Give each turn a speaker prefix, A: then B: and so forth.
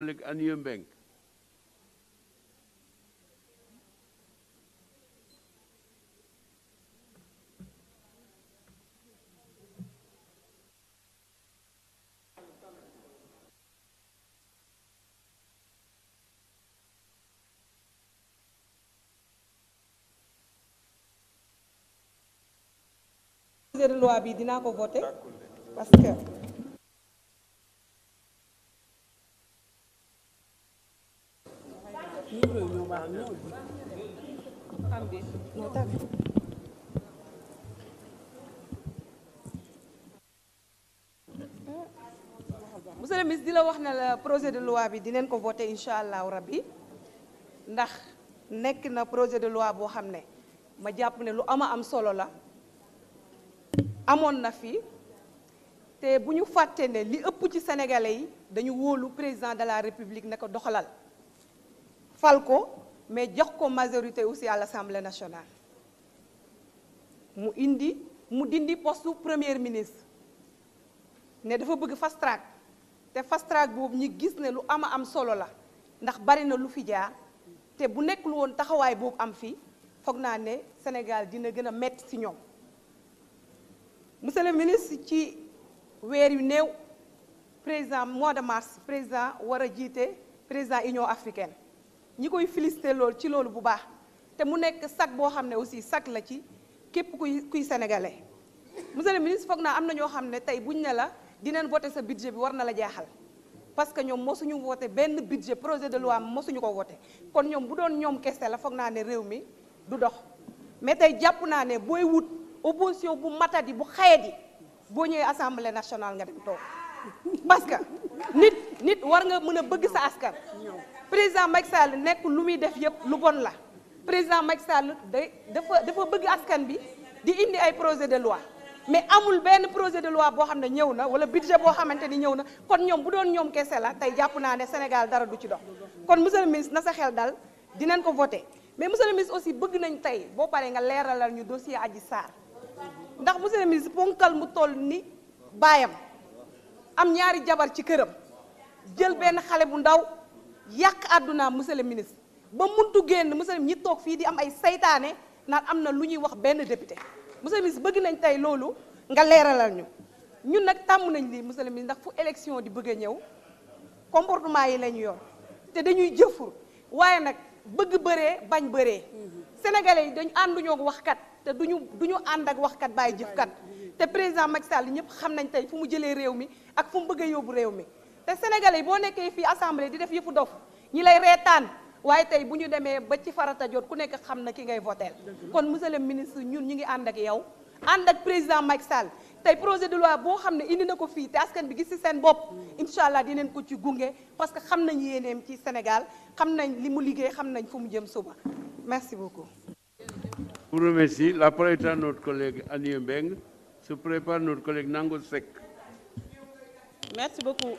A: Luc Anieu Mbengue projet de loi bi dinaa ko voter parce que monsieur le wax na la projet de loi bi dinañ ko voté incha allahu rabbi ndax nekk na projet de loi boo xam ne ma jàpp ne lu ama am solo la amoon na fi te bu ñu fàtte ne li ëpp ci sénégalais yi dañu wóolu président de la république ne ko doxalal fal ko mais jox ko majorité aussi à l'Assemblée nationale mu indi mu dindi postu premier ministre ne dafa bëgg fast te fast boobu ñi gis ne lu ama am solo la ndax bari na lu fi jaar te bu nekkul woon taxawaay boobu am fii foog naa ne Sénégal dina gën a metti ci ñoom monsieur ministre ci weer yu néew président mois de mars président war a jiite président Union africaine ñi koy félicité loolu ci loolu bu baax te mu nekk sac boo xam ne aussi sac la ci képp kuy kuy sénégalais monsieur le ministre foog naa am na ñoo xam ne tey buñ ne la dinañ voté sa budget bi war na la jaaxal parce que ñoom mosuñu voté benn budget projet de loi mosuñu ko voté kon ñoom bu doon ñoom kese la foog naa ne réew mi du dox mais tey jàpp naa ne booy wut opposition bu matadi bu xayadi boo ñëwee assemblée nationale nga dem toog parce nit. war nga mën a bëgg sa askan président Macky Sall nekk lu muy def yëpp lu bon la président Macky Sall day dafa dafa bëgg askan bi di indi ay projet de loi mais amul benn projet de loi boo xam ne ñëw na wala budget boo xamante ni ñëw na kon ñoom bu doon ñoom kese la tey jàpp naa ne Sénégal dara du ci dox kon monsieur le ministre na sa xel dal dinañ ko voté mais monsieur le ministre aussi bëgg nañu tey boo paree nga leeralal ñu dossier Adji Sarr ndax monsieur le ministre ponkal mu toll ni baayam am ñaari jabar ci këram jël benn xale bu ndaw yàq àdduna monsieur le ministre ba muntu génn monsieur ñi toog fii di am ay saytaane naan am na lu ñuy wax benn député monsieur le ministre bëgg nañ tey loolu nga leeralal ñu ñun nag tàmm nañ lii monsieur le ministre ndax fu élection di bëgg ñëw comportement yi la ñu yor te dañuy jëfur waaye nag bëgg bëree bañ bëree sénégalais yi dañu ànduñook ak waxkat te duñu duñu ànd ak waxkat bàyyi jëfkat te président Macky Sall ñëpp xam nañ tey fu mu jëlee réew mi ak fu mu bëggee a yóbbu réew mi te sénégalais yi boo nekkee fii assemblée di def yëfu dof ñi lay reetaan waaye tey bu ñu demee ba ci farata jot ku nekk xam na ki ngay voteel kon monsieur le ministre ñun ñu ngi ànd ak yow ànd ak président Macky Sall tey projet de loi boo xam ne indi na ko fii te askan bi gis ci seen bopp incha allah dineen ko ci gunge parce que xam nañ yéeneem ci Sénégal xam nañ li mu liggéey xam nañ fu mu jëm suba merci beaucoup. Je vous remercie. La parole est à notre collègue Annie Mbeng. Se prépare notre collègue Nango Sek. Merci beaucoup.